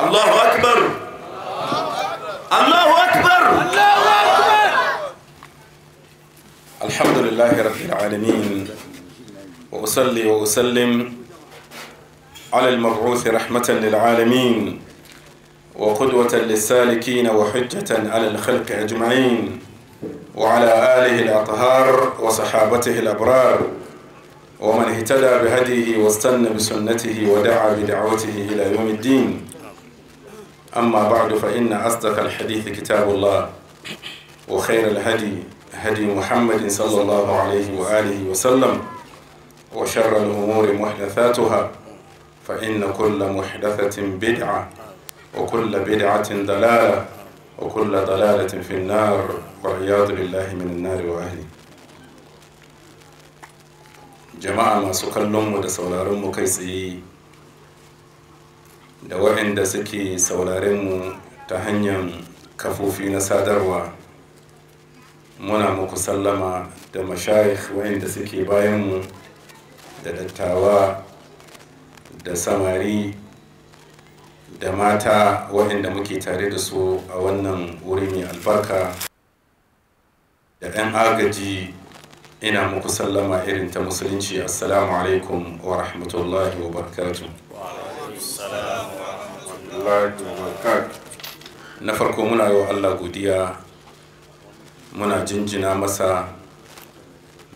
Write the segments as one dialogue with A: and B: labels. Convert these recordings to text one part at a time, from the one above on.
A: الله أكبر الله أكبر الله أكبر
B: الحمد لله رب العالمين وأصلي وأسلم على المبعوث رحمة للعالمين وقدوة للسالكين وحجة على الخلق أجمعين وعلى آله الأطهار وصحابته الأبرار ومن اهتدى بهديه واستنى بسنته ودعا بدعوته إلى يوم الدين أما بعد فإن أصدق الحديث كتاب الله وخير الهدي هدي محمد صلى الله عليه وآله وسلم وشر الأمور محدثاتها فإن كل محدثة بدعة وكل بدعة ضلالة وكل ضلالة في النار والعياذ بالله من النار وأهله jama'a masu kallonmu da sauraronmu kai tsaye da waɗanda suke saurarenmu ta hanyar kafofi na sadarwa muna muku sallama da mashayikh waɗanda suke bayanmu da dattawa da samari da mata waɗanda muke tare da su a wannan wuri mai albarka da 'yan agaji ina muku sallama irin ta musulunci assalamu alaikum wa rahmatullahi wa barakatu na farko muna yi wa allah godiya muna jinjina masa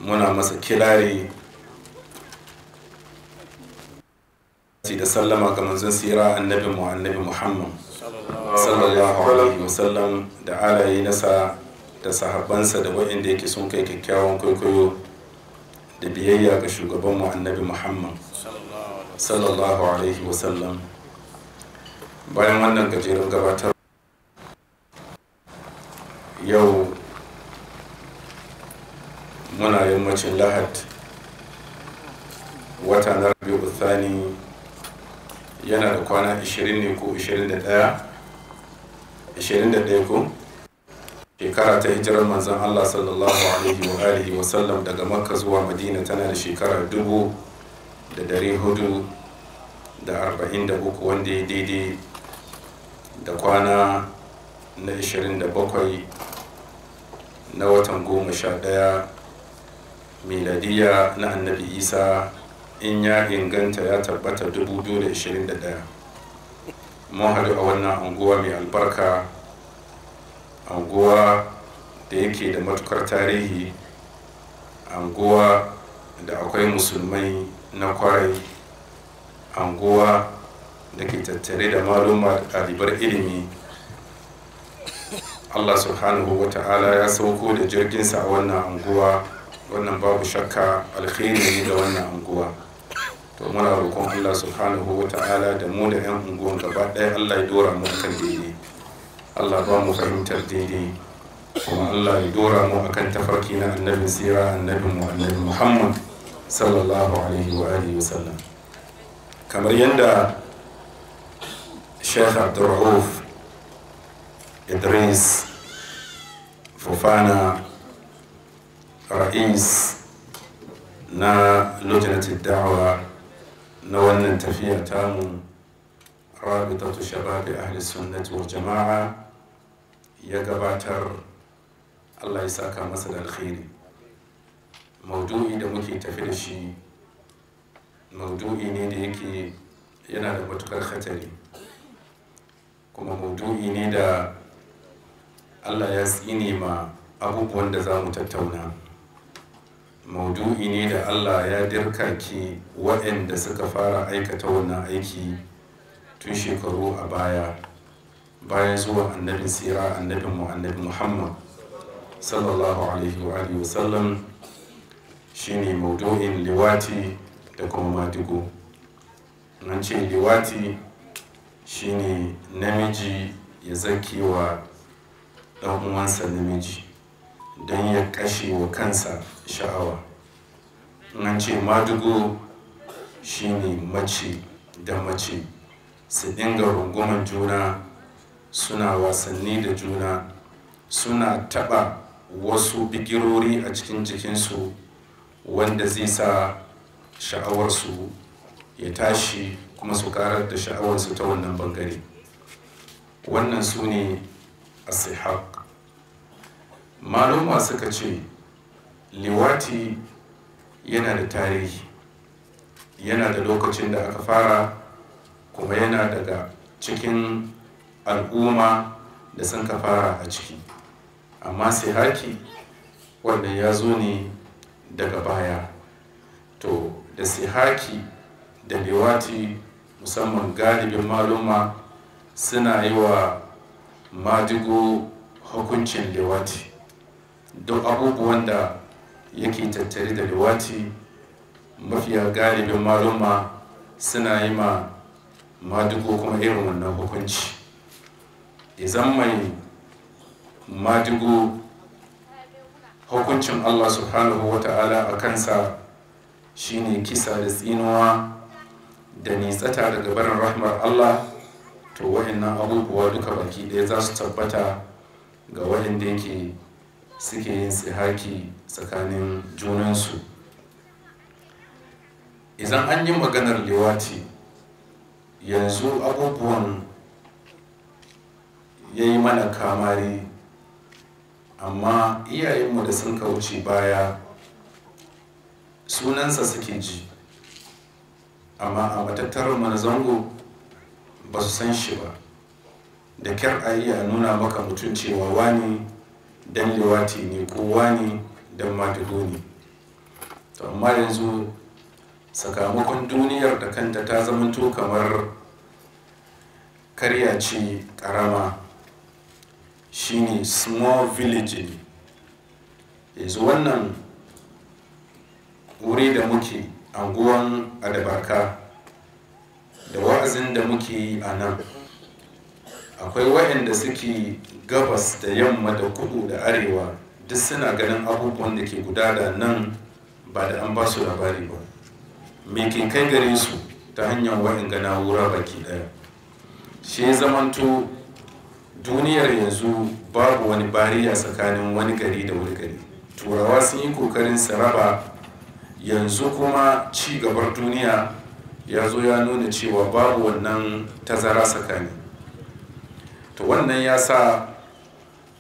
B: muna masa kirari da sallama ga manzon sira annabi mu annabi muhammad sallallahu alaihi wasallam da alayi nasa da sahabbansa da waɗanda yake sun kai kyakkyawan kwaikwayo da biyayya ga shugabanmu annabi muhammad sallallahu alaihi wasallam bayan wannan gajeren gabatar yau muna yammacin lahad wata na rabi uthani yana da kwana 20 ne ko 21 21 ko shekara ta hijirar manzon Allah sallallahu alaihi wa alihi wa sallam daga makka zuwa madina tana da shekara dubu da dari hudu da arba'in da uku wanda ya daidai da kwana na ishirin da bakwai na watan goma sha daya miladiyya na annabi isa in ya inganta ya tabbata dubu 21 mun haɗu a wannan unguwa mai albarka anguwa da yake da matukar tarihi anguwa da akwai musulmai na kwarai anguwa da ke tattare da maluma da ɗalibar ilimi allah subhanahu wa ta'ala ya sauko da jirginsa a wannan anguwa wannan babu shakka alkhairi ne da wannan anguwa to muna roƙon allah subhanahu wa ta'ala da mu da 'yan unguwan gaba ɗaya allah ya dora mu kan daidai Allah ba mu fahimtar daidai kuma Allah ya dora mu akan tafarki na annabin sira annabin mu annabi Muhammad sallallahu alaihi wa alihi wa sallam kamar yadda Sheikh Abdurrauf Idris Fofana Ra'is na lujnatin na wannan tafiya tamu rabitatu shababi ahli sunnati wal jama'a ya gabatar allah ya saka masa da alkhairi maudu'i da muke tafi da shi maudu'i ne da yake yana da matukar hatari kuma maudu'i ne da allah ya tsine ma abubuwan da za mu tattauna maudu'i ne da allah ya dirkake waɗanda suka fara aikata wannan aiki tun shekaru a baya bayan zuwa annabin sira annabin mu annabi muhammad sallallahu alaihi wa alihi wasallam ne maudu'in liwati da kuma Madigo. nan ce liwati shine namiji ya zaki wa ɗan uwansa namiji don ya kashe wa kansa sha'awa nan ce shi ne mace da mace su dinga runguman juna suna wasanni da juna suna taɓa wasu bigirori a cikin jikinsu wanda zai sa sha'awarsu ya tashi kuma su karar da sha'awarsu ta wannan bangare wannan su ne asihaq maluma suka ce liwati yana da tarihi yana da lokacin da aka fara kuma yana daga cikin al'umma da sun ka fara a ciki amma sai haki wanda ya zo ne daga baya to da sai haki da lewati musamman galibin maluma suna yi wa madigo hukuncin lewati duk abubuwan da yake tattare da lewati mafiya galibin maluma suna yi ma madigo kuma irin wannan hukunci izan mai madigo hukuncin allah subhanahu wa ta'ala a kansa shine kisa da tsinuwa da nitsata daga barin rahmar allah to wa'annan abubuwa duka baki ɗaya za su tabbata ga wa'anda yake suke yin tsihaki tsakanin junansu idan an yi maganar liwati yanzu abubuwan ya yi mana kamari amma iyayenmu da sun kauce baya sunansa suke ji amma a matattarar mana zango ba su san shi ba da kyar a iya nuna maka mutum cewa wani dan lewati ne ko wani dan matudo ne to amma yanzu sakamakon duniyar da kanta ta zamanto kamar karya ce karama shine small village ne yanzu wannan wuri da muke anguwan adabaka da wa'azin da muke yi a nan akwai waɗanda suke gabas da yamma da kudu da arewa duk suna ganin abubuwan da ke gudana nan ba da an ba su labari ba me ke kai gare su ta hanyar waɗanda na'ura baki ɗaya shi zamanto duniyar yanzu babu wani bariya tsakanin wani gari da wani gari turawa sun yi kokarin saraba yanzu kuma ci gabar duniya ya zo ya nuna cewa babu wannan tazara tsakani to wannan ya sa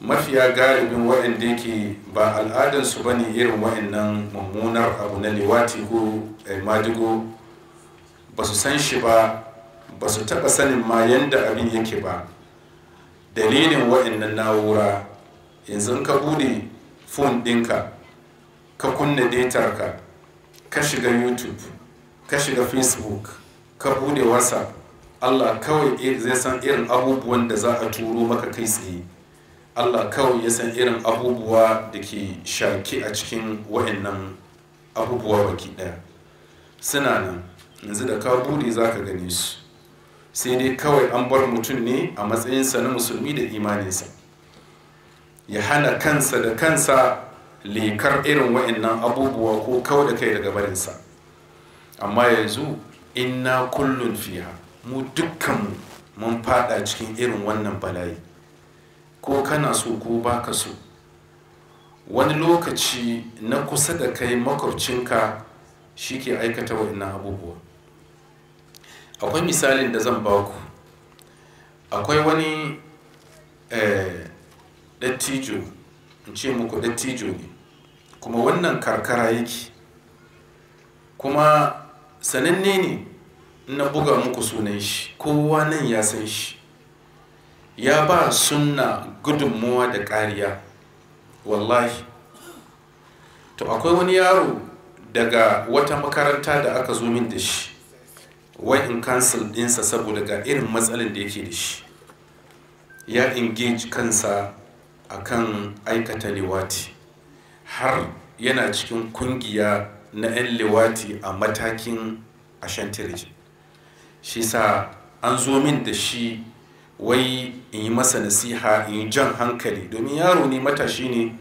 B: mafiya galibin waɗanda yake ba al'adarsu ba ne irin waɗannan mummunar abu na lewati ko madigo ba su san shi ba ba su taɓa sanin ma yadda abin yake ba dalilin waɗannan na'ura yanzu ka bude fon ɗinka ka kunna detarka ka ka shiga youtube ka shiga facebook ka bude whatsapp allah kawai zai san irin abubuwan da za a turo maka kai tsaye allah kawai ya san irin abubuwa da ke shaki a cikin waɗannan abubuwa baki ɗaya suna nan yanzu da ka bude za ka gane su sai dai kawai an bar mutum ne a matsayinsa na musulmi da imaninsa ya hana kansa da kansa lekar irin wa'annan abubuwa ko kawai da kai daga barinsa amma yanzu inna kullum fiya, mu dukkanmu mun fada cikin irin wannan bala'i ko kana so ko baka so wani lokaci na kusa da kai makwabcinka shi ke aikata wa'annan abubuwa akwai misalin da zan baku akwai wani eh, dattijo in ce muku dattijo ne kuma wannan karkara yake kuma sananne ne na buga muku sunan shi kowa nan ya san shi ya ba sunna gudunmuwa da kariya wallahi to akwai wani yaro daga wata makaranta da aka zo min da shi wai in cancel dinsa saboda ga irin matsalin da yake da shi ya engage kansa a kan aikata liwati har yana cikin kungiya na 'yan liwati a matakin ashanti shi sa an zo min da shi wai in yi masa nasiha in yi jan hankali domin yaro ne matashi ne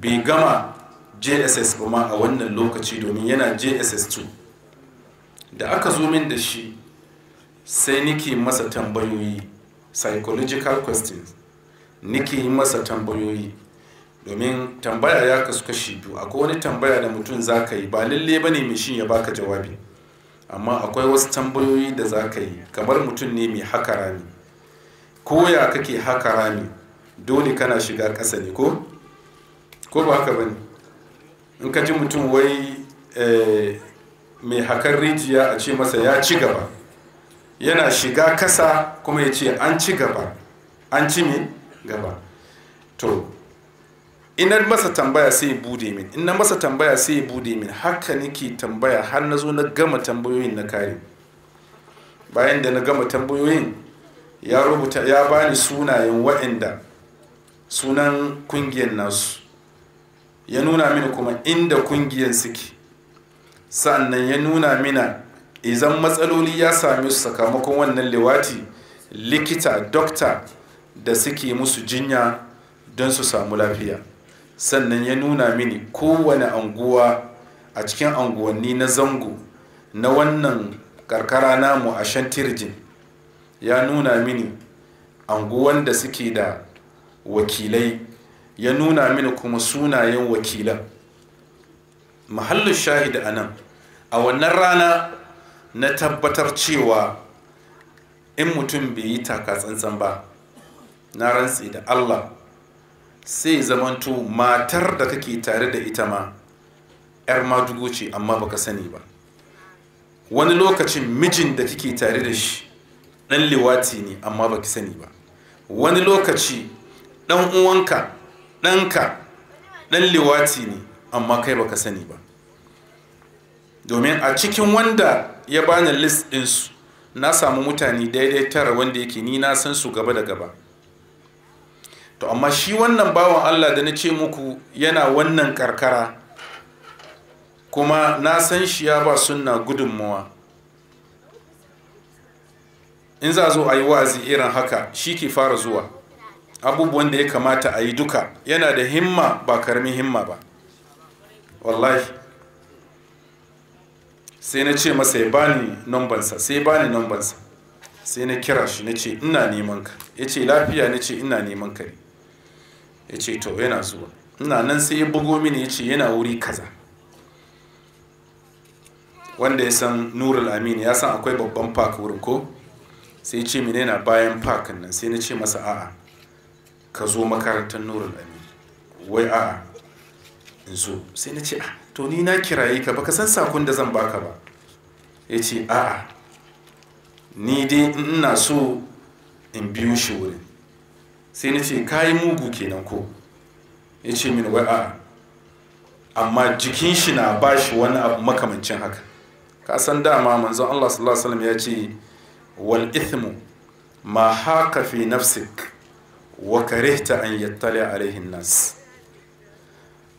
B: bai gama jss ba ma a wannan lokaci domin yana jss 2 da aka zo min da shi sai nike masa tambayoyi psychological questions nike yi masa tambayoyi domin tambaya ya kasu kashi biyu akwai wani tambaya da mutum za ka yi ba lalle ba ne mai shi ya baka jawabi amma akwai wasu tambayoyi da za ka yi kamar mutum ne mai haka rami ko ya kake haka rami dole kana shiga ƙasa ne ko ba haka ba ne in ka ji mutum wai eh, mai hakan rijiya a ce masa ya ci gaba yana shiga kasa kuma ya ce an ci gaba an ci mai gaba to ina masa tambaya sai ya bude min ina masa tambaya sai ya bude min haka nake tambaya har na zo na gama tambayoyin na kare bayan da na gama tambayoyin ya rubuta ya bani sunayen waɗanda sunan kungiyar nasu ya nuna mini kuma inda kungiyar suke sa'annan ya nuna mina idan matsaloli ya sami su sakamakon wannan liwati likita dokta da suke musu jinya don su samu lafiya sannan ya nuna mini kowane anguwa a cikin anguwanni na zango na wannan karkara namu a shantirjin ya nuna mini anguwan da suke da wakilai ya nuna mini kuma sunayen wakilan mahallin shahid a nan a wannan rana na tabbatar cewa in mutum bai yi taka tsantsan ba na rantsi da allah sai zamanto matar da kake tare da ita ma 'yar madugo ce amma baka sani ba wani lokacin mijin da kake tare da shi ɗan liwati ne amma baki sani ba wani lokaci ɗan uwanka ɗanka ɗan liwati ne amma kai baka sani ba domin a cikin wanda ya bani list ɗinsu na samu mutane daidai tara wanda yake ni na san su gaba da gaba to amma shi wannan bawan allah da na ce muku yana wannan karkara kuma na san shi ya ba sunna gudunmawa in za zo a yi wazi irin haka shi ke fara zuwa abubuwan da ya kamata a yi duka yana da himma ba karmi himma ba wallahi sai na ce masa ya bani nambansa sai bani nambansa sai na kira shi na ce ina neman ka ya ce lafiya na ce ina neman ka ne ya ce to yana zuwa ina nan sai ya bugo mini ya ce yana wuri kaza wanda ya san nurul amini ya san akwai babban park wurin ko sai ce mini yana bayan park nan sai na ce masa a'a ka zo makarantar nurul amini wai a'a in zo sai na ce a'a ah, to ni na kiraye ka baka san sakon da zan baka ba ya ce a'a ni dai ina so in biyu shi wurin sai na ce kayi mugu kenan ko ya ce min wai a'a amma jikin shi na ba shi wani abu makamancin haka ka san dama manzon Allah sallallahu alaihi ya ce wal ithmu ma haka fi nafsik wa karihta an yattali alaihin nas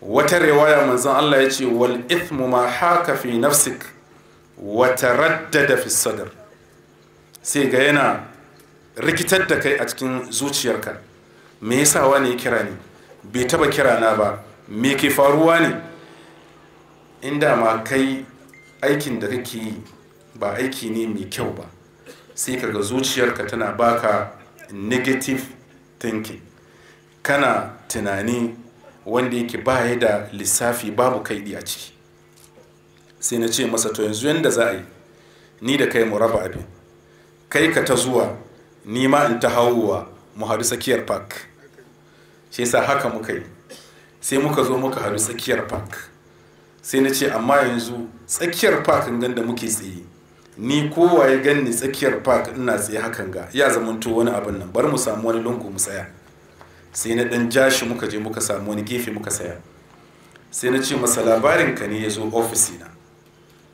B: wata riwaya manzon Allah ya ce wal ithmu ma haka fi nafsik radda da fi sadr sai ga yana rikitar da kai a cikin zuciyarka me yasa wani ya kira ni bai taba kira na ba me ke faruwa ne inda ma kai aikin da kake yi ba aiki ne mai kyau ba sai kaga zuciyarka tana baka negative thinking kana tunani wanda yake ba ya da lissafi babu kaidi a ciki sai na ce masa to yanzu yadda za a yi ni da kai mu raba abin kai ka ta zuwa ni ma in ta hau wa mu haɗu tsakiyar park shi sa haka muka yi sai muka zo muka haɗu tsakiyar park sai na ce amma yanzu tsakiyar park in ganda muke tsaye ni kowa ya ganni tsakiyar park ina tsaye hakan ga ya zamanto wani abin nan bar mu samu wani lungu mu tsaya sai na dan jashi muka je muka samu wani gefe muka saya sai na ce masa labarin ka ne ya zo ofisina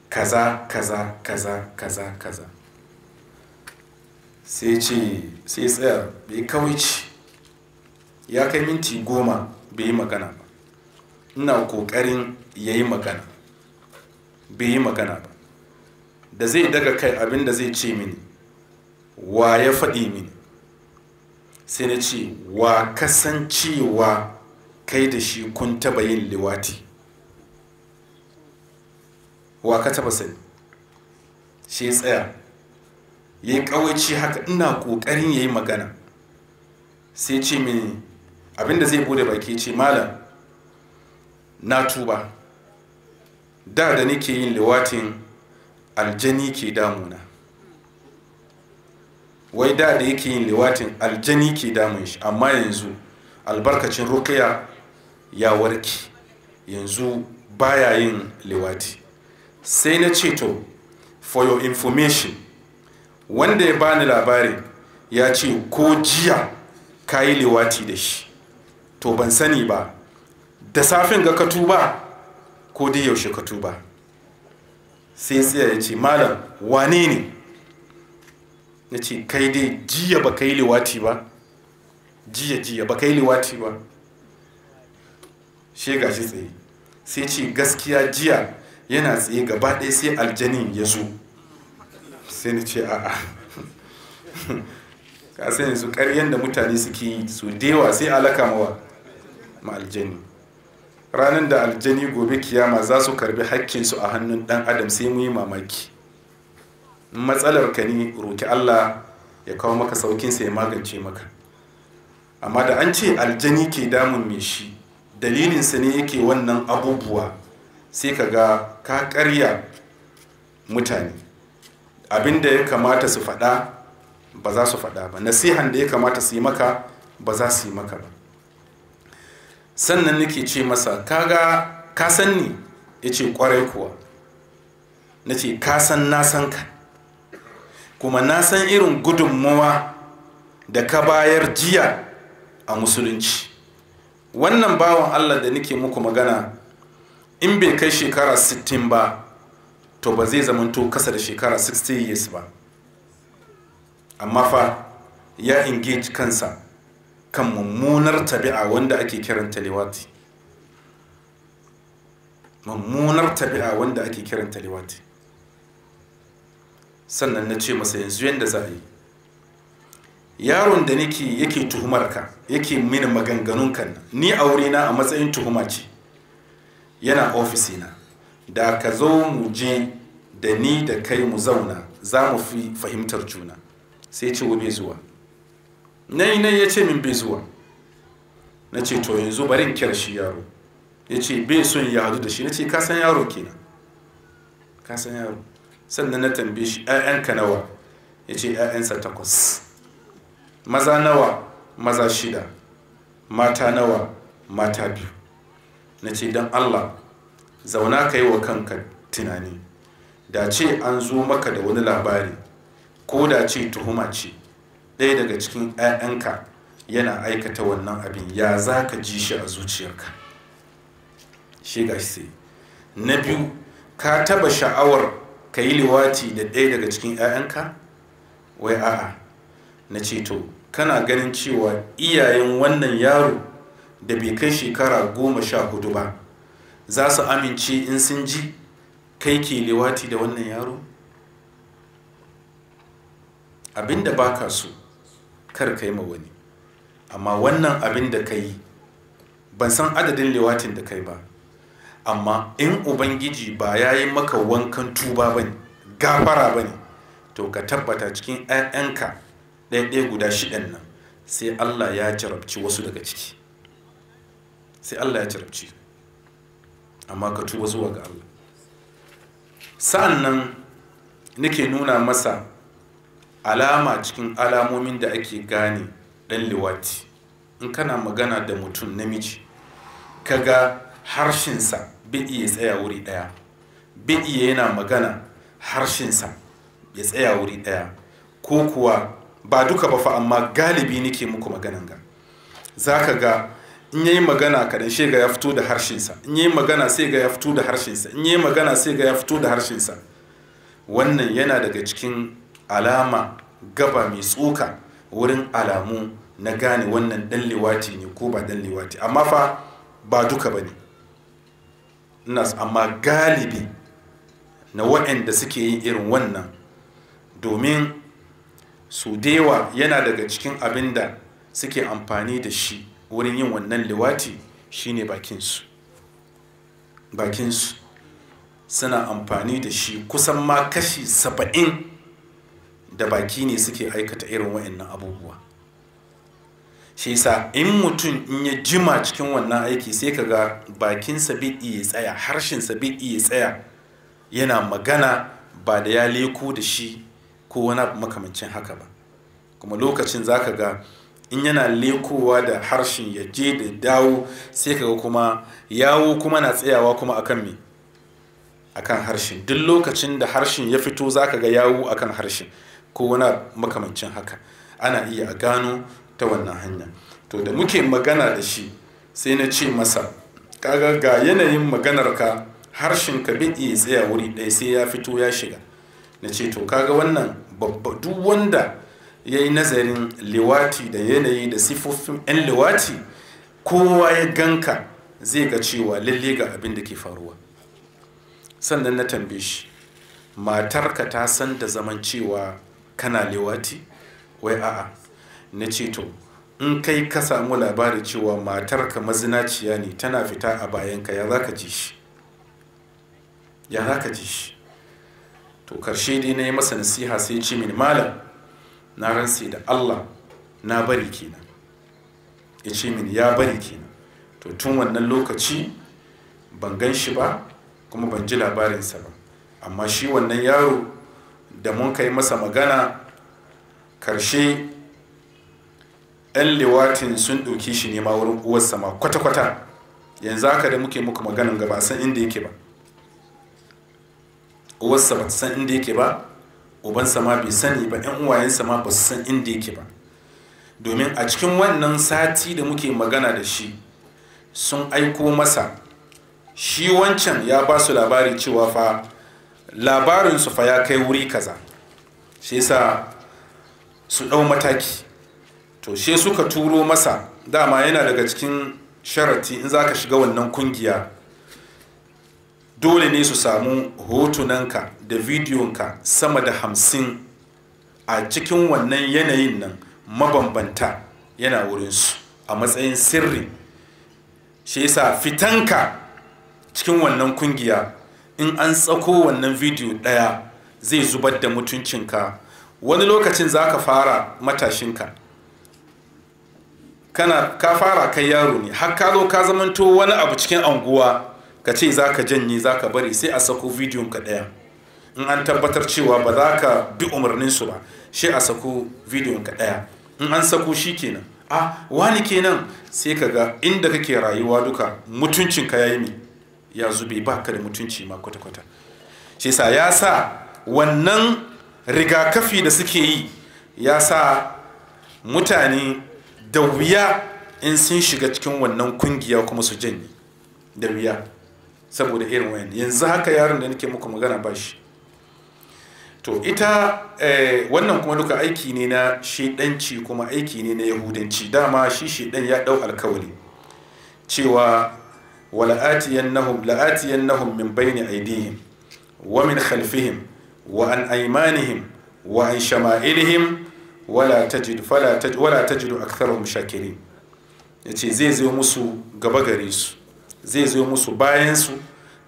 B: kaza kaza kaza kaza kaza sai ce sai tsaya bai ci ya kai minti goma bai yi magana ba ina kokarin ya yi magana bai yi magana ba da zai daga kai abin da zai ce mini wa ya faɗi mini sai na ce wa kasancewa kai da shi kun taba yin liwati wa ka taba sani shi tsaya ya yi kawaici haka ina kokarin ya yi magana sai ce mini abinda zai bude baki ce malam na tuba da da nake yin liwatin aljani ke damuna wai da da yake yin liwatin aljani ke damun shi amma yanzu albarkacin rukiya ya warke yanzu baya yin liwati sai na ce to for your information wanda ya bani labarin ya ce ko jiya ka yi liwati da shi to ban sani ba da safin ga ka tuba ko dai yaushe ka tuba sai tsaye ya ce malam wane ne na ce kai dai jiya ba ka yi liwati ba jiya jiya ba ka yi liwati ba shi gashi tsaye sai ce gaskiya jiya yana tsaye gaba ɗaya sai aljanin ya zo sai na ce a'a ka sai yanzu ƙaryen da mutane suke yi su dewa sai alaka mawa ma aljani ranar da aljani gobe kiyama za su karbi hakkinsu a hannun ɗan adam sai mu yi mamaki matsalar ka ne roki Allah ya kawo maka saukin sa ya magance maka amma da an ce aljani ke damun mai shi dalilinsa ne yake wannan abubuwa sai ka ga ka karya mutane abin da ya kamata su faɗa ba za su faɗa ba nasihan da ya kamata su yi maka ba za su yi maka ba sannan nake ce masa kaga ka san ni ya ce kwarai kuwa na ce ka san na san ka kuma na san irin gudunmawa da ka bayar jiya a musulunci wannan bawan allah da nake muku magana in bai kai shekara 60 ba to ba zai zamanto kasa da shekara 60 years ba amma fa ya engage kansa kan mummunar tabi'a wanda ake kiran lewati mummunar tabi'a wanda ake kiran lewati sannan na ce masa yanzu yadda za yi yaron da nake yake tuhumar ka yake mini maganganun kan ni a wurina a matsayin tuhuma ce yana ofisina da ka zo mu je da ni da kai mu zauna za mu fi fahimtar juna sai ce wa bai zuwa yi nai ya ce min bai zuwa na ce to yanzu barin kyar shi yaro ya ce bai son ya hadu da shi na ce kasan yaro kenan kasan yaro sannan na tambaye shi ‘ya'yanka nawa ya ce ‘ya'yansa takwas maza nawa maza shida mata nawa mata biyu na ce don allah zauna ka yi wa kanka tunani da ce an zo maka da wani labari ko da ce tuhuma ce ɗaya daga cikin 'ya'yanka yana aikata wannan abin ya za ka ji shi a zuciyarka shi ga sai na biyu ka taba sha'awar ka yi liwati da ɗaya daga cikin 'ya'yanka wai a'a na ce to kana ganin cewa iyayen wannan yaro da bai kai shekara goma sha hudu ba za su amince in sun ji kai ke liwati da wannan yaro abinda ba ka so kar ka yi ma wani amma wannan abin da ka yi ban san adadin liwatin da kai ba amma in ubangiji ba ya yi maka wankan tuba ba ne gafara ba ne to ka tabbata cikin 'ya'yanka ɗaya guda shiɗan nan sai allah ya jarabci wasu daga ciki sai allah ya jarabci amma ka tuba zuwa ga allah sa'an nan nake nuna masa alama cikin alamomin da ake gane ɗan liwati in kana magana da mutum namiji kaga harshensa bai iya tsaya wuri ɗaya bai iya yana magana harshensa ya tsaya wuri ɗaya ko kuwa ba duka ba fa amma galibi nake muku maganan ga za ka ga in yi magana kaɗan shi ga ya fito da harshensa in yi magana sai ga ya fito da harshensa in yi magana sai ga ya fito da harshensa wannan yana daga cikin alama gaba mai tsoka wurin alamu na gane wannan ɗan ne ko ba ɗan amma fa ba duka ba ne nas amma galibi na waɗanda suke yin irin wannan domin su dewa yana daga cikin abin da suke amfani da shi wurin yin wannan liwati shine bakinsu bakinsu suna amfani da shi kusan ma kashi saba'in da baki ne suke aikata irin waɗannan abubuwa shi yasa in mutum in ya jima cikin wannan aiki sai ka ga bakin bai iya tsaya harshen bai iya tsaya yana magana ba da ya leko da shi ko wani makamancin haka ba kuma lokacin za ka ga in yana lekowa da harshen ya je da dawo sai ka ga kuma yawo kuma na tsayawa kuma akan me akan harshen duk lokacin da harshen ya fito za ka ga yawo akan harshen ko wani makamancin haka ana iya gano ta wannan hanya to da muke magana da shi sai na ce masa kaga ga yanayin maganar ka harshen ka bai iya tsaya wuri ɗaya sai ya fito ya shiga na ce to kaga wannan babba duk wanda ya yi nazarin liwati da yanayi da sifofin 'yan liwati kowa ya ganka zai ga cewa lalle ga abin da ke faruwa sannan na tambaye shi matarka ta san da zaman cewa kana liwati wai a'a na ce to in kai ka samu labari cewa matarka mazinaciya ne tana fita a bayanka ya za ji shi ya za ji shi to karshe dai na yi masa nasiha sai ce min malam na ransa da allah na bari kenan ya ce min ya bari kenan to tun wannan lokaci ban gan shi ba kuma ban ji labarinsa ba amma shi wannan yaro da mun kai masa magana karshe 'yan lewatin sun ɗauki shi nema wurin uwar ma kwata-kwata yanzu haka da muke muku maganin gaba san inda yake ba sama ta san inda yake ba ubansa ma bai sani ba 'yan uwayensa ma ba su san inda yake ba domin a cikin wannan sati da muke magana da shi sun aiko masa shi wancan ya ba su labari cewa fa labarinsu fa ya kai wuri kaza shi yasa su ɗau mataki to she suka turo masa dama yana daga cikin sharati in za ka shiga wannan kungiya dole ne su samu hotunanka da vidiyonka sama da hamsin a cikin wannan yanayin nan mabambanta yana wurinsu a matsayin sirri shi yasa fitanka cikin wannan kungiya in an tsako wannan bidiyo ɗaya zai zubar da mutuncinka wani lokacin za ka fara matashinka kana ka fara kai yaro ne har ka zo ka zamanto wani abu cikin anguwa ka ce za ka janye za ka bari sai a sako vidiyon ka ɗaya in an tabbatar cewa ba za ka bi umarnin su ba shi a sako vidiyon ka ɗaya in an sako shi kenan a wani kenan sai ka ga inda kake rayuwa duka mutuncinka ya yi ne ya zube ba ka da mutunci ma kwata-kwata shi sa ya sa wannan rigakafi da suke yi ya sa mutane da wuya in sun shiga cikin wannan kungiya kuma su janye da wuya saboda irin wayan yanzu haka yaron da nake muku magana ba shi to ita eh, wannan kuma duka aiki ne na shedanci kuma aiki ne na yahudanci dama shi shedan ya dau alkawari cewa wala'atiyannahum la'atiyannahum min bayni aydihim wa min khalfihim wa an aymanihim wa an shama'ilihim wala tajidu fala a wala tajidu aktharuhum yace zai zo musu gaba gare su zai zo musu bayan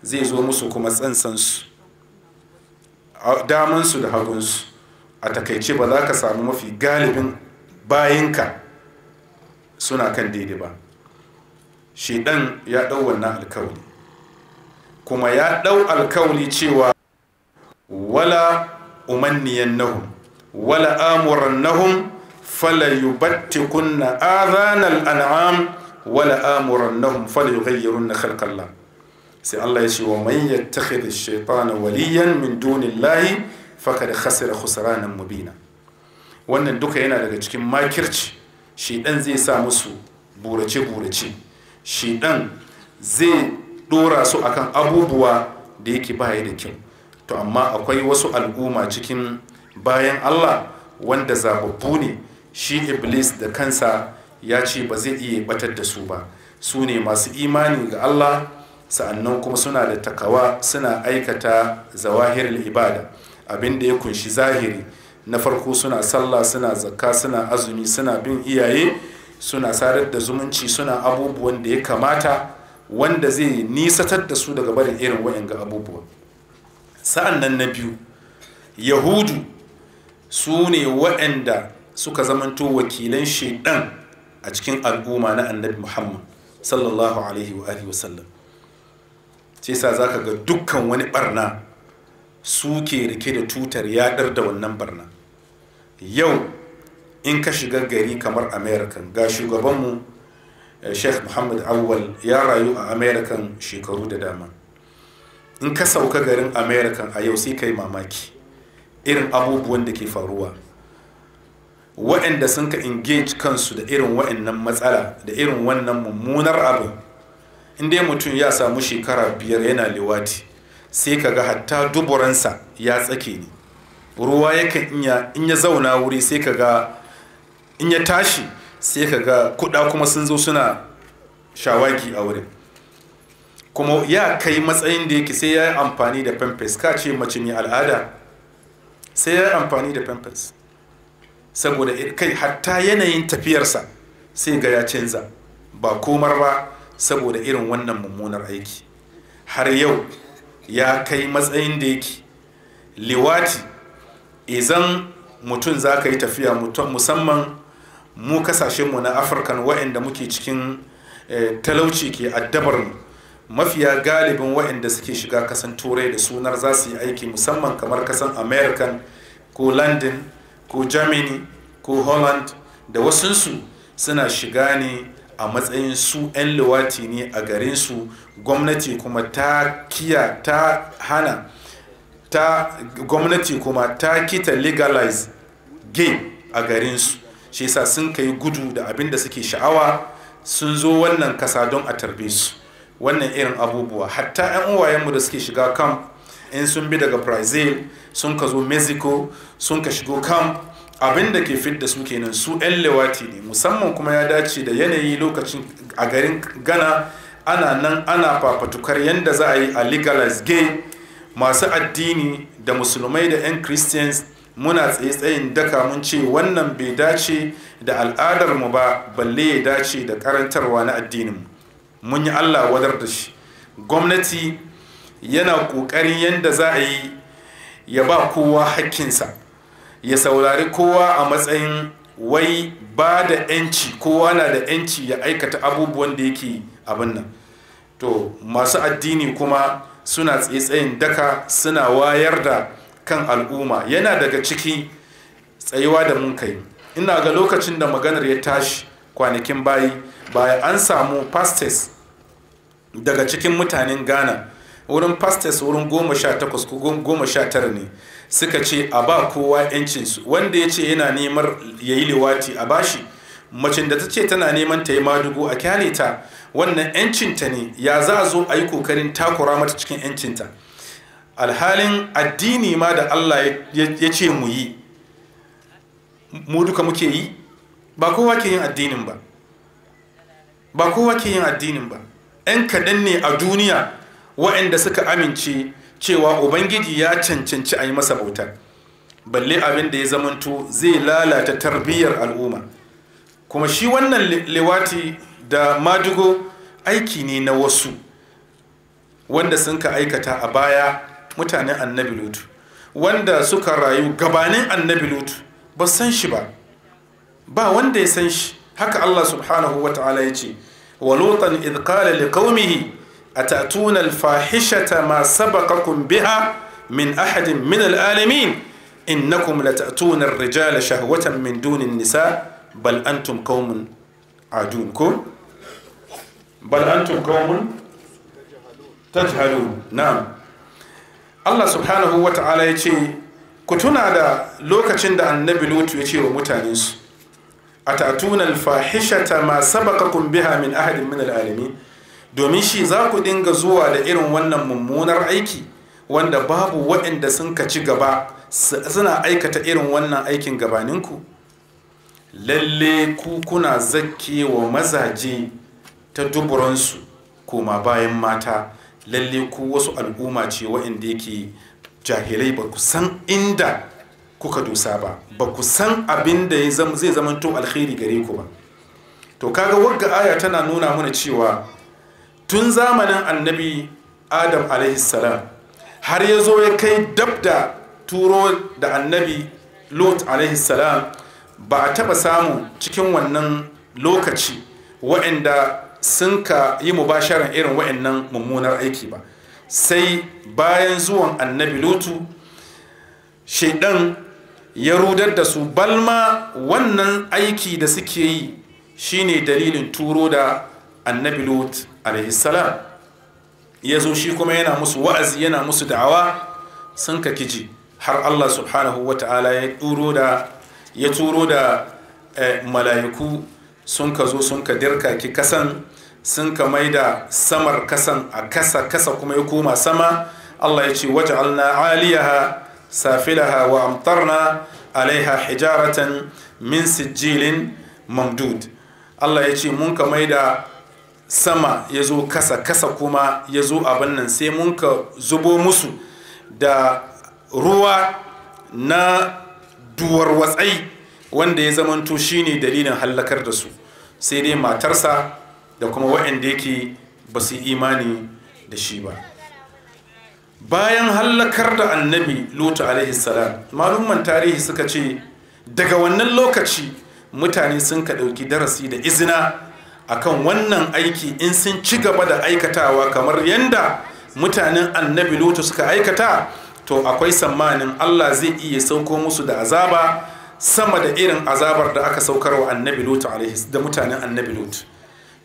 B: zai zo musu kuma tsansansu su daman da hagunsu a takaice ba za ka samu mafi galibin bayinka suna kan daidai ba shedan ya ɗau wannan alkawali kuma ya ɗau alkawali cewa wala umanniyan nahum wala amurannahum fala yubattikunna adhanal an'am wala amurannahum fala yughayyirunna khalqallah sai Allah ya ce wa man yattakhidh ash-shaytana waliyan min dunillahi faqad khasira mu bina. wannan duka yana daga cikin makirci shedan zai sa musu burace burace shedan zai dora su akan abubuwa da yake baya da kyau to amma akwai wasu al'umma cikin bayan Allah wanda zababbu ne shi iblis da kansa ya ce ba zai iya batar da su ba su ne masu imani ga Allah sa'annan kuma suna da takawa suna aikata zawahirin ibada abin da ya kunshi zahiri na farko suna sallah suna zakka suna azumi suna bin iyaye suna sadar da zumunci suna abubuwan da ya kamata wanda zai nisatar da su daga barin irin wa'in ga abubuwa sa'an nan na biyu yahudu su ne waɗanda suka zamanto wakilan shaidan a cikin al'umma na annabi muhammad sallallahu alaihi wa alihi wasallam sai sa za ka ga dukkan wani barna ke rike da tutar yaɗar da wannan barna yau in ka shiga gari kamar america ga shugabanmu eh, sheikh muhammad awwal ya rayu a american shekaru da dama in ka sauka garin american a yau sai ka yi mamaki irin abubuwan da ke faruwa waɗanda sun ka engage kansu da irin waɗannan matsala da irin wannan mummunar abin inda mutum ya samu shekara biyar yana liwati sai ka ga hatta duburansa ya tsake ne ruwa yakan iya in ya zauna wuri sai ka ga in ya tashi sai ka ga kuɗa kuma sun zo suna shawagi a wurin kuma ya kai matsayin da yake sai ya yi amfani da famfes ka ce mace mai al'ada sai ya amfani da pampers saboda kai hatta yanayin tafiyarsa sai ga ya canza ba komar ba saboda irin wannan mummunar aiki har yau ya kai matsayin da yake liwati izan mutum za ka yi tafiya musamman mu kasashenmu na afirkan waɗanda muke cikin eh, talauci ke addabarmu. mafiya galibin waɗanda suke shiga kasan turai da sunar za su yi aiki musamman kamar kasan american ko london ko germany ko holland da wasunsu suna shiga ne a matsayin su 'yan luwati ne a garinsu gwamnati kuma ta kiya ta hana ta gwamnati kuma ta kita legalize gay a garinsu shi yasa sun kai gudu da abin da suke sha'awa sun zo wannan kasa don a tarbe su wannan irin abubuwa hatta 'yan uwayenmu da suke shiga camp in sun bi daga brazil sun ka zo mexico sun ka shigo camp abin da ke fit da su kenan su 'yan lewati ne musamman kuma ya dace da yanayi lokacin a garin ghana ana nan ana fafatukar yadda za a yi a legalize gay masu addini da musulmai da 'yan christians muna tsaye-tsayin daka mun ce wannan bai dace da al'adarmu ba balle ya dace da karantarwa na addininmu mun yi allah wadar da shi gwamnati yana ƙoƙarin yadda za a yi ya ba kowa hakkinsa ya saurari kowa a matsayin wai ba da 'yanci kowa na da 'yanci ya aikata abubuwan da yake abin nan to masu addini kuma suna tsaye daka suna wayar da kan al'umma yana daga ciki tsayuwa da mun kai ina ga lokacin da maganar ya tashi kwanakin bayi baya an samu pastors daga cikin mutanen ghana wurin pastors wurin goma sha takwas ko goma sha tara ne suka ce a ba kowa yancinsu wanda ya ce yana neman ya yi liwati a bashi macin da ta ce tana neman ta yi madugu a kyale ta wannan yancinta ne ya za a zo a yi kokarin takura mata cikin yancinta alhalin addini ma da allah ya ce mu yi mu duka muke yi ba kowa ke yin addinin ba ba kowa ke yin addinin ba 'yan kaɗan ne a duniya waɗanda suka amince cewa ubangiji ya cancanci a yi masa bautar balle abin da ya zamanto zai lalata tarbiyyar al'umma kuma shi wannan lewati da madugo aiki ne na wasu wanda sun ka aikata a baya mutanen annabi lutu wanda suka rayu gabanin annabi lutu ba san shi ba ba wanda ya san shi haka allah subhanahu wa ta'ala ya ce wa lutan idh qala a atatuna fahishata ma sabaqakum biha min ahadin min alalamin innakum latatuna ar-rijala shahwatan min duni an-nisa bal antum qaumun adun ko bal Allah subhanahu wa ta'ala ya ce ku tuna da lokacin da annabi lutu ya ce wa mutanensu tatunan fahishata ma sabaqakum biha min ahadin min alalamin domin shi za ku dinga zuwa da irin wannan mummunar aiki wanda babu waɗanda sun ka ci gaba suna aikata irin wannan aikin gabaninku lalle ku kuna zakke wa mazaje ta duburansu koma bayan mata lalle ku wasu al'umma ce waɗanda yake jahilai ba ku san inda kuka dusa ba ba ku san abin da zai zamanto alheri gare ku ba to kaga wagga aya tana nuna mana cewa tun zamanin annabi adam a.s har ya zo ya kai dabda da turo da annabi lot a.s ba a taba samu cikin wannan lokaci waɗanda sun ka yi mubasharan irin waɗannan mummunar aiki ba sai bayan zuwan annabi lotu shaidan ya rudar da su balma wannan aiki da suke yi shine dalilin turo da annabi lut alaihissalam ya zo shi kuma yana musu wa'azi yana musu da'awa sun ka kiji har allah subhanahu wa ta'ala ya turo da ya turo da eh, mala'iku sun ka zo sun ka dirka ki kasan sun ka mai da samar kasan a kasa kasa kuma ya koma sama allah ya ce waje alna aliyaha wa amtarna alaiha hijaratan min sijilin mamdud Allah ya ce mun ka mai da sama ya zo kasa kasa kuma ya zo abin nan sai mun ka zubo musu da ruwa na duwar watsai wanda ya zamanto shine dalilin hallakar da su sai dai matarsa da kuma waɗanda yake ba su imani da shi ba bayan hallakar da annabi lotu alaihi salam malumman tarihi suka ce daga wannan lokaci mutane sun ka ɗauki darasi da izina akan wannan aiki in sun ci gaba da aikatawa kamar yadda mutanen annabi lotu suka aikata to akwai sammanin allah zai iya sauko musu da azaba sama da irin azabar da aka saukar wa annabi lutu da mutanen annabi lutu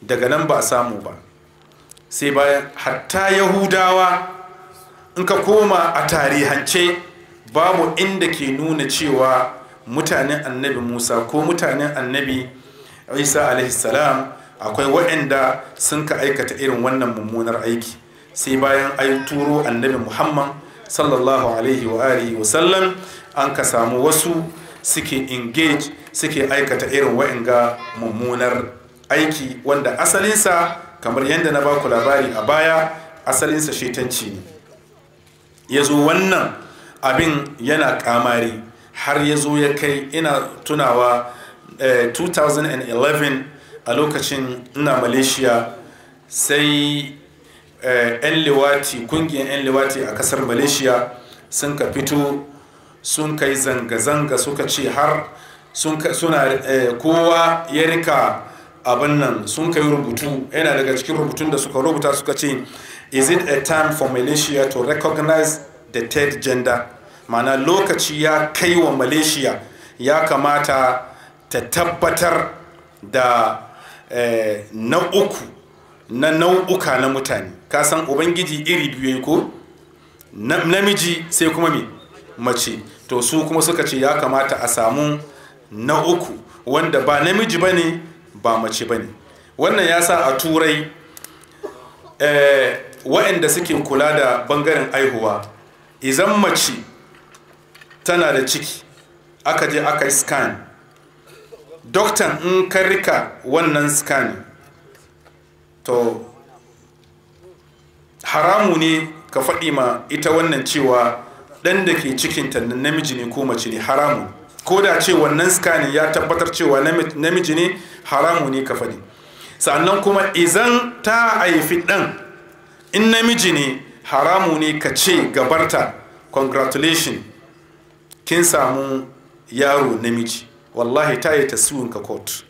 B: daga nan ba samu ba sai bayan hatta yahudawa in ka koma a tarihance babu inda ke nuna cewa mutanen annabi musa ko mutanen annabi isa alaihissalam akwai waɗanda sun ka aikata irin wannan mummunar aiki sai bayan ai turo annabi muhammad sallallahu alaihi wa alihi wa sallam an ka samu wasu suke engage suke aikata irin waɗanda mummunar aiki wanda asalinsa kamar yadda na baku labari a baya asalinsa shetanci ne ya zo wannan abin yana kamari har ya zo ya kai ina tunawa 2011 eh, a lokacin ina malaysia sai eh, 'yan liwati kungiyar 'yan liwati a kasar malaysia sun ka fito sun kai zanga-zanga suka ce har suna eh, kowa ya rika abin nan sun kai rubutu yana daga cikin rubutun da suka rubuta suka ce is it a time for malaysia to recognize the third gender mana lokaci ya kai wa malaysia ya kamata ta tabbatar da eh, na uku na nau'uka na mutane kasan ubangiji iri biyu ko namiji sai kuma me mace to su kuma suka ce ya kamata a samu na uku wanda ba namiji bane ba mace bane wannan ya sa a turai Eh, waɗanda suke kula da bangaren aihuwa izan mace tana da ciki aka je aka yi scan doktan in ka rika wannan scan to haramu ne ka faɗi ma ita wannan cewa ɗan da ke cikinta namiji ne ko mace ne haramu ko da ce wannan scan ya tabbatar cewa namiji ne haramu ne ka faɗi sannan kuma izan ta haifi ɗan in namiji ne haramu ne ka ce gabarta congratulation kin samu yaro namiji wallahi ta yi ka court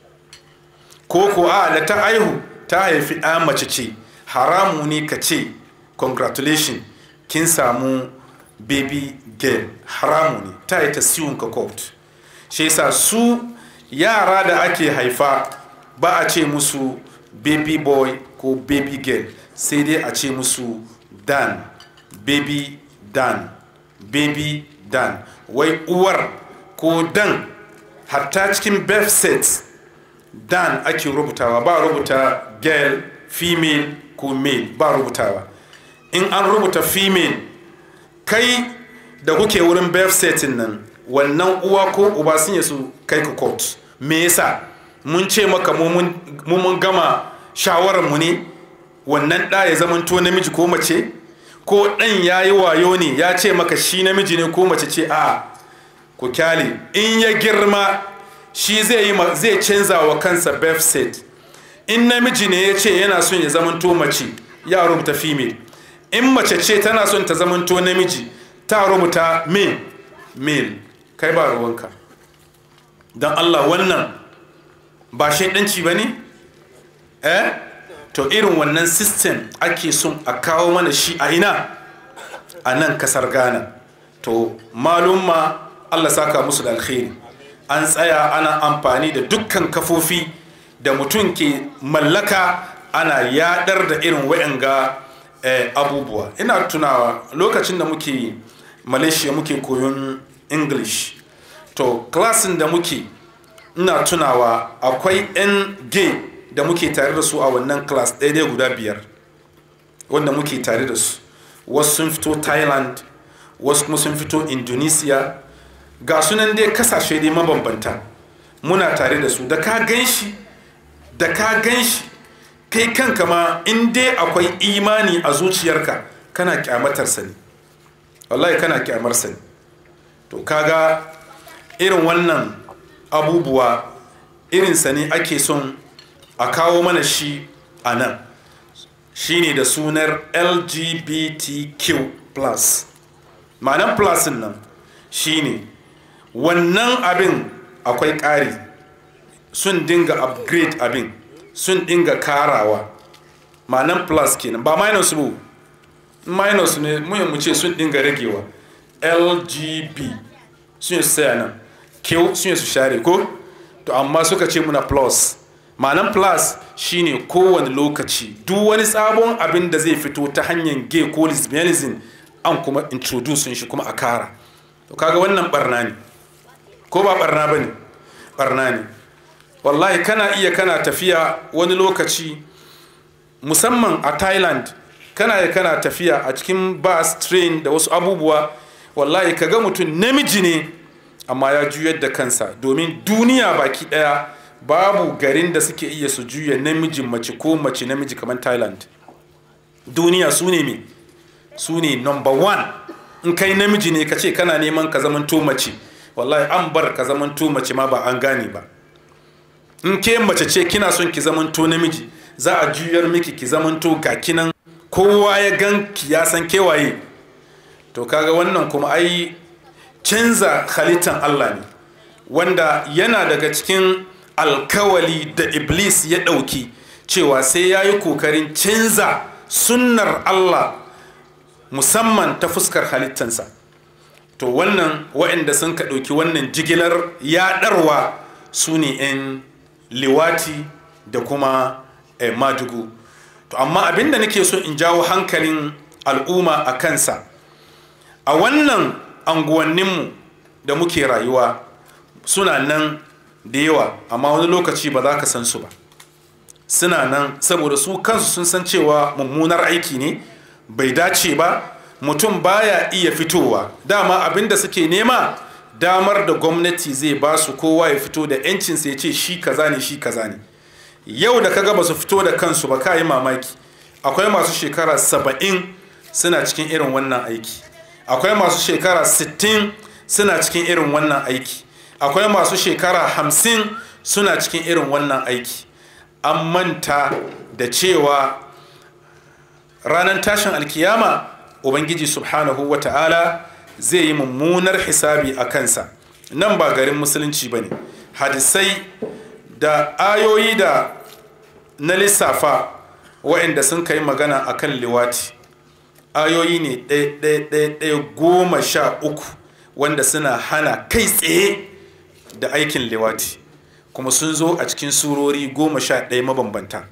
B: ko ko a da ta aihu ta haifi ɗan mace ce haramu ne ka ce congratulation kin samu baby girl haramu ne ta yi ka court shi yasa su yara da ake haifa ba a ce musu baby boy ko baby girl sai dai a ce musu dan baby dan baby dan wai uwar ko dan hatta cikin birth set dan ake rubutawa ba rubuta girl female ko male ba rubutawa in an rubuta female kai da kuke wurin birth set nan wannan uwa ko uba sun yi su kai ku court me yasa mun ce maka mu mun gama shawararmu ne wannan ɗa ya to namiji ko mace ko ɗan ya yi wayo ne ya ce maka shi namiji ne ko mace ce a ku kyale in ya girma shi zai canza wa kansa birth in namiji ne ya ce yana son ya zamanto mace ya rubuta female in mace ce tana son ta zamanto namiji ta rubuta male male kai ba ruwanka don allah wannan ba shaidanci ba ne eh to irin wannan system ake son a kawo mana shi a ina a nan kasar ghana to malumma allah saka musu da alkhairi an tsaya ana amfani da dukkan kafofi da mutum ke mallaka ana yadar da irin waɗanga ga eh, abubuwa ina tunawa lokacin da muke malaysia muke koyon english to klasin da muke ina tunawa akwai 'yan gay da muke tare da su a wannan class ɗaya guda biyar wanda muke tare da su wasu sun fito thailand wasu kuma sun fito indonesia ga sunan dai kasashe dai mabambanta muna tare da su da ka gan shi da ka gan shi kai kanka ma in dai akwai imani a zuciyarka kana kyamatar sani wallahi kana kyamar sani to kaga irin wannan abubuwa irinsa ne ake son a kawo mana shi a nan shi ne da sunar lgbtq plus ma'anan plus nan shi ne wannan abin akwai ƙari sun dinga upgrade abin sun dinga karawa ma'anan plus kenan ba minus bu minus ne muhimmanci sun dinga ragewa lgb sun yi nan kyau su ne su share ko to amma suka ce muna plus ma'anan plus shine kowane lokaci duk wani sabon abin da zai fito ta hanyar gay ko lesbianism an kuma introduce shi kuma a kara to kaga wannan barna ne ko ba barna ba ne barna ne wallahi kana iya kana tafiya wani lokaci musamman a thailand kana iya kana tafiya a cikin bus train da wasu abubuwa wallahi kaga mutum namiji ne amma ya juyar da kansa domin duniya baki daya babu garin da suke iya su juya namijin mace ko mace namiji kamar thailand duniya su ne number one in kai namiji ne ka ce kana neman ka zaman mace wallahi an bar ka zaman to mace ma ba an gane ba in ke mace ce kina son ki zaman to namiji za a juyar miki ki zaman to ga kinan kowa ya gan ki ya san kewaye to kaga wannan kuma ai canza halittan Allah ne wanda yana daga cikin alkawali da iblis ya ɗauki cewa sai ya yi ƙoƙarin canza sunnar Allah musamman ta fuskar halittansa to wannan waɗanda sun ka ɗauki wannan jigilar yaɗarwa su ne 'yan liwati da kuma eh, madugu to amma abinda nake so in jawo hankalin al'umma a kansa a wannan anguwanninmu da muke rayuwa suna nan da yawa amma wani lokaci ba za ka san su ba suna nan saboda su kansu sun san cewa mummunar aiki ne bai dace ba mutum baya iya fitowa dama abin da suke nema damar da gwamnati zai ba su kowa ya fito da yancinsa ya ce shi kaza ne shi kaza ne yau da kaga ba su fito da kansu ba ka yi mamaki akwai masu shekara saba'in suna cikin irin wannan aiki akwai masu shekara 60 suna cikin irin wannan aiki akwai masu shekara 50 suna cikin irin wannan aiki an manta da cewa ranar tashin alkiyama ubangiji subhanahu wa ta'ala zai yi mummunar hisabi a kansa nan ba garin musulunci ba ne hadisai da ayoyi da na lissafa waɗanda sun kai magana akan liwati ayoyi ne ɗaya goma sha uku wanda suna hana kai tsaye da aikin lewati kuma sun zo a cikin surori goma sha ɗaya mabambanta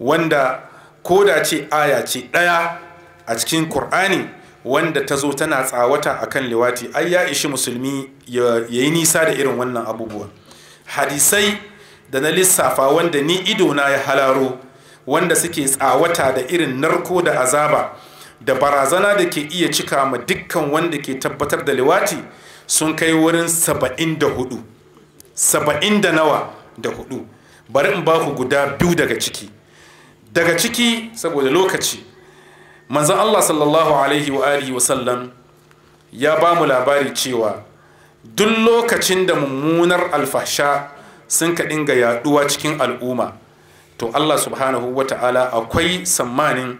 B: wanda ko da ce aya ce ɗaya a cikin ƙur'ani wanda ta zo tana tsawata a kan lewati ai ya ishi musulmi ya yi nisa da irin wannan abubuwa hadisai da na lissafa wanda ni idona ya halaro wanda suke tsawata da irin narko da azaba da barazana da ke iya cika ma dukkan wanda ke tabbatar da liwati sun kai wurin saba'in da hudu saba'in da nawa da hudu bari in baku guda biyu daga ciki daga ciki saboda lokaci manzan allah sallallahu alaihi wa wasallam ya ba mu labari cewa duk lokacin da mummunar alfasha sun ka dinga yaduwa cikin al'umma to allah subhanahu wa ta'ala akwai tsammanin.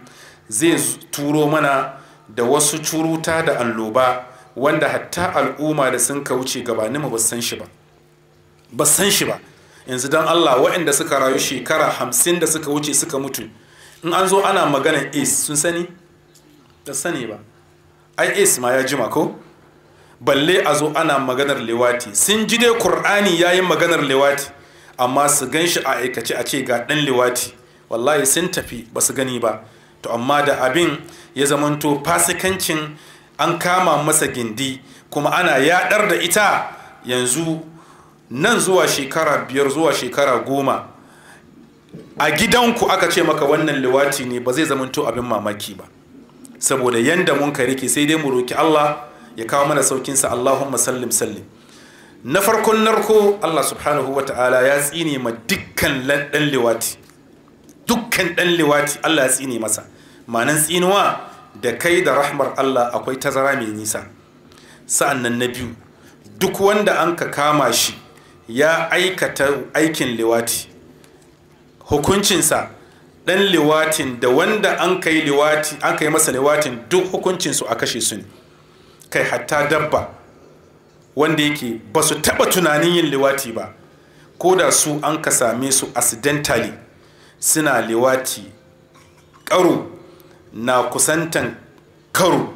B: zai turo mana da wasu curuta da alloba wanda hatta al'umma da sun kauce gabanin ba san shi ba ba san shi ba yanzu don allah waɗanda suka rayu shekara hamsin da suka wuce suka mutu in an zo ana maganar is sun sani da sani ba ai is ma ya jima ko balle a zo ana maganar lewati sun ji dai kur'ani ya yi maganar lewati amma su gan shi a aikace a ce ga ɗan lewati wallahi sun tafi ba su gani ba to amma da abin ya zamanto fasikancin an kama masa gindi kuma ana yaɗar da ita yanzu nan zuwa shekara biyar zuwa shekara goma a gidanku aka ce maka wannan liwati ne ba zai zamanto abin mamaki ba saboda yadda mun ka rike sai dai mu roki Allah ya kawo mana saukinsa Allahumma sallim sallim na farkon narko Allah subhanahu wa ta'ala ya tsine ma dukkan ɗan liwati dukkan ɗan liwati Allah ya tsine masa Manan tsinuwa da kai da rahmar Allah akwai tazara mai nisa sa'annan na biyu duk wanda an ka kama shi ya aikata aikin liwati hukuncinsa ɗan liwatin da wanda an ka yi liwati an ka yi masa liwatin duk hukuncinsu a kashe su ne kai hatta dabba wanda yake ba su taɓa tunanin yin liwati ba ko da su an ka same su accidentally suna liwati Karu na kusantan karu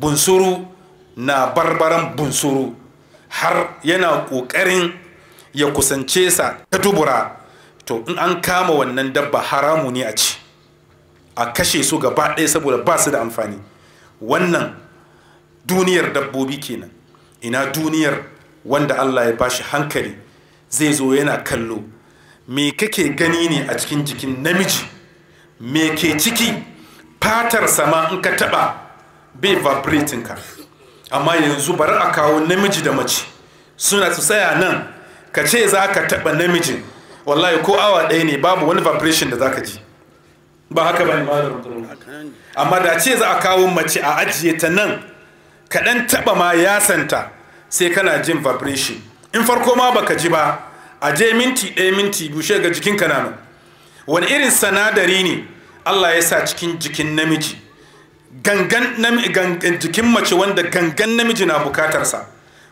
B: bunsuru na barbaran bunsuru har yana ƙoƙarin ya kusance sa ta dubura to in an kama wannan dabba haramu ne a ci a kashe su gaba ɗaya saboda ba su da amfani wannan duniyar dabbobi kenan ina duniyar wanda allah ya bashi hankali zai zo yana kallo me kake gani ne a cikin jikin namiji me ke ciki fatar sama in ka taba bai vibrating ka amma yanzu bari a kawo namiji da mace suna su tsaya nan ka ce za ka taba namijin wallahi ko awa ɗaya ne babu wani vibration da za ka ji ba haka ba amma da ce za a kawo mace a ajiye ta nan ka ɗan taɓa ma yasanta sai kana jin vibration in farko ma baka ji ba a je minti ɗaya minti bushe ga jikin kananu wani irin sanadari ne Allah ya sa cikin jikin namiji gangan jikin mace wanda gangan namiji na bukatarsa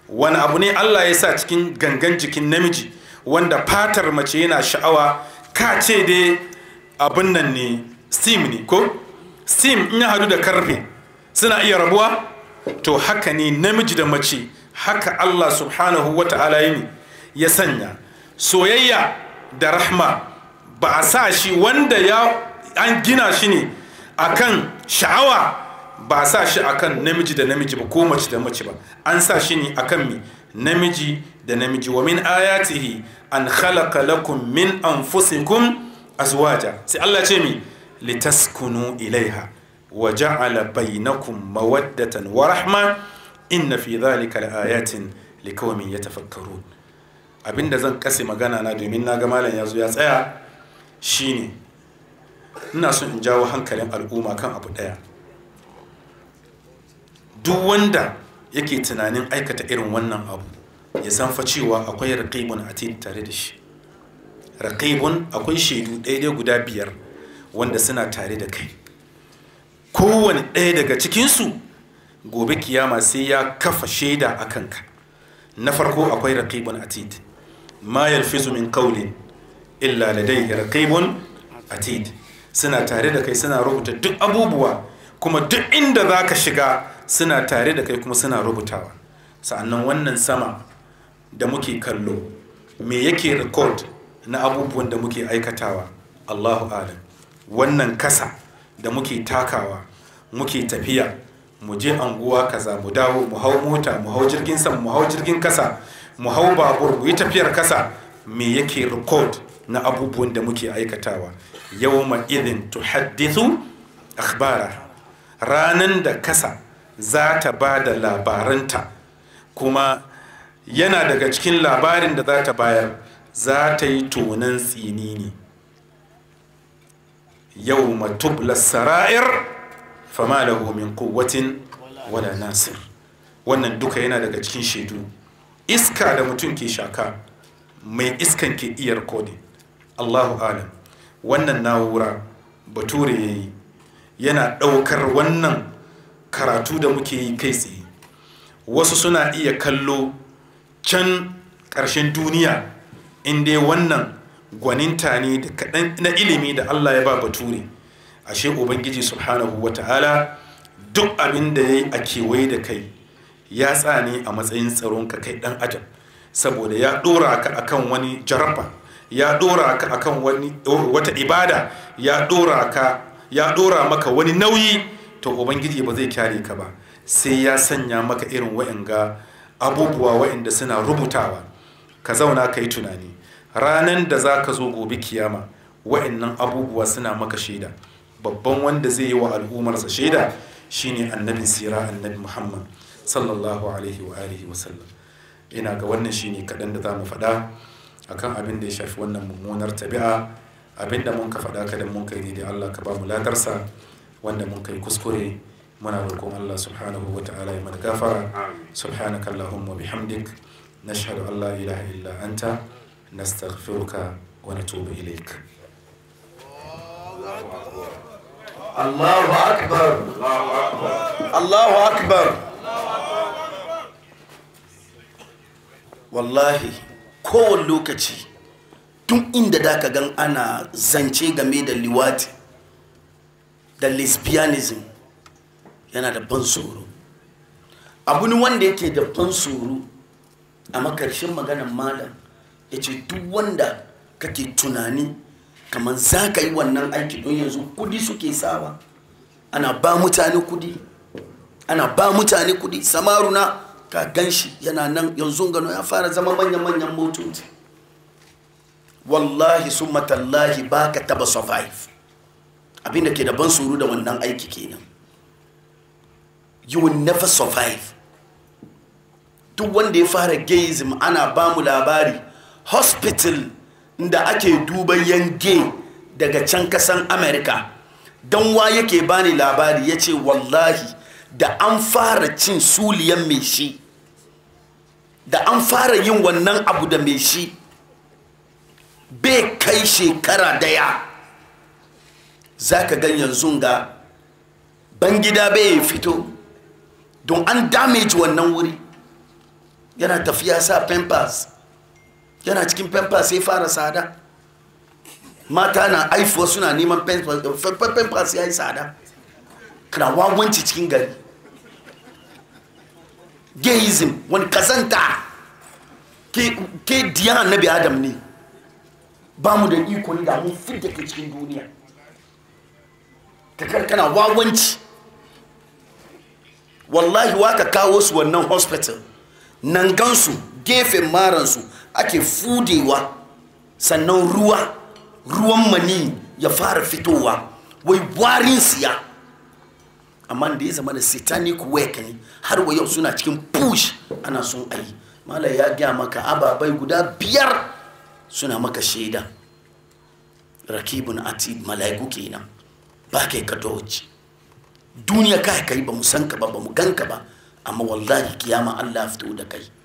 B: wani abu ne Allah ya sa cikin gangan jikin namiji wanda fatar mace yana sha'awa ka ce dai abin nan ne steam ne ko Sim in ya hadu da karfe suna iya rabuwa to haka ne namiji da mace haka Allah subhanahu wa ta'ala ya sanya soyayya da rahma ba a sa shi wanda ya an gina shi ne akan sha'awa ba a sa shi akan namiji da namiji ba ko mace da mace ba an sa shi ne akan mi namiji da namiji wa min ayatihi an khalaqa lakum min anfusikum azwaja sai Allah ce mi litaskunu ilaiha wa ja'ala bainakum mawaddatan wa rahma inna fi dhalika laayatin liqaumin yatafakkarun Abin da zan kase magana na domin na ga malam ya zo ya tsaya shine ina son in jawo hankalin al'umma kan abu daya duk wanda yake tunanin aikata irin wannan abu ya san fa cewa akwai raqibun atid tare da shi raqibun akwai shaidu ɗaya guda biyar wanda suna tare da kai kowane ɗaya daga cikinsu gobe kiyama sai ya kafa shaida a ka na farko akwai raqibun atid ma yalfisu min kauli illa raqibun atid suna tare da kai suna rubuta duk abubuwa kuma duk inda zaka shiga suna tare da kai kuma suna rubutawa sa'annan wannan sama da muke kallo me yake record na abubuwan da muke aikatawa Allahu alam wannan kasa da muke takawa muke tafiya mu je anguwa kaza mu dawo mu hau mota mu hau jirgin sama mu hau jirgin kasa mu hau babur mu yi tafiyar kasa me yake record na abubuwan da muke aikatawa Yau ma idin tuhaddithu akhbara ranan da kasa za ta ba da labaranta kuma yana daga cikin labarin da za ta bayar za ta yi tonan tsini ne yau ma tubla sara'ir fama da min kuwatin wala nasir wannan duka yana daga cikin shaidu iska da mutum ke shaka mai iskan ke iya rikodin allahu alam wannan na'ura bature ya yi yana ɗaukar wannan karatu da muke yi kai tsaye wasu suna iya kallo can ƙarshen duniya inda wannan gwaninta ne na ilimi da allah ya ba bature ashe ubangiji subhanahu wa ta'ala duk abin da ya yi a kewaye da kai ya tsani a matsayin tsaron ka kai dan adam saboda ya dora ka akan wani jaraba ya dora ka akan wani wata ibada ya dora ka ya dora maka wani nauyi to ubangiji ba zai kyare ka ba sai ya sanya maka irin wa'anga abubuwa wa'anda suna rubutawa ka zauna ka yi tunani ranan da za ka zo gobe kiyama wa'annan abubuwa suna maka shaida babban wanda zai yi wa al'ummarsa shaida shine annabin sira annabi muhammad sallallahu alaihi wa alihi wa sallam ina ga wannan shine kaɗan da za mu faɗa akan abin da ya shafi wannan mummunar tabi'a abin da mun ka faɗa kadan mun kai da Allah ka ba mu ladarsa wanda mun kai kuskure muna roƙon Allah subhanahu wa ta'ala ya mana gafara subhanaka allahumma bihamdik nashhadu an la ilaha illa anta nastaghfiruka wa natubu ilaik
A: Allahu akbar Allahu akbar Allahu akbar wallahi kowane lokaci tun inda da ka gan ana zance game da liwati da lesbianism yana da ban tsoro abu ne wanda yake da ban tsoro a makarshen maganan malam ya ce duk wanda kake tunani kamar za ka yi wannan aiki don yanzu kudi suke sawa ana ba mutane kudi ana ba mutane kudi na ka gan shi yana nan yanzu gano ya fara zama manyan-manyan motoci wallahi sun matallahi ba ka taba survive abinda ke daban ban suru da wannan aiki kenan you will never survive duk wanda ya fara gayism ana ba mu labari hospital da ake duban yange daga can kasan america don wa yake bani labari ya ce wallahi da an fara cin suliyan mai shi da an fara yin wannan abu da mai shi bai kai shekara daya za ka gan yanzu ga bangida bai fito don an damage wannan wuri yana tafiya sa pampers yana cikin pampers sai fara sada mata na aifuwa suna neman pampers ya yi sada kana wawanci cikin gari gayism wani kazanta ke diyan annabi adam ne ba mu da iko ni da mun fidda ke cikin duniya ka karkana wawanci wallahi waka kawo su wannan hospital nan gansu gefen maransu ake fudewa sannan ruwa ruwan mani ya fara fitowa wai warin siya amma da ya zama da satanic work har wa yau suna cikin push ana sun ayi mala ya gaya maka ababai guda biyar suna maka shaida rakibun ati mala'iku kenan ba kai ka doji duniya ka kai ba mu san ka ba ba mu gan ka ba amma wallahi kiyama Allah ya fito da kai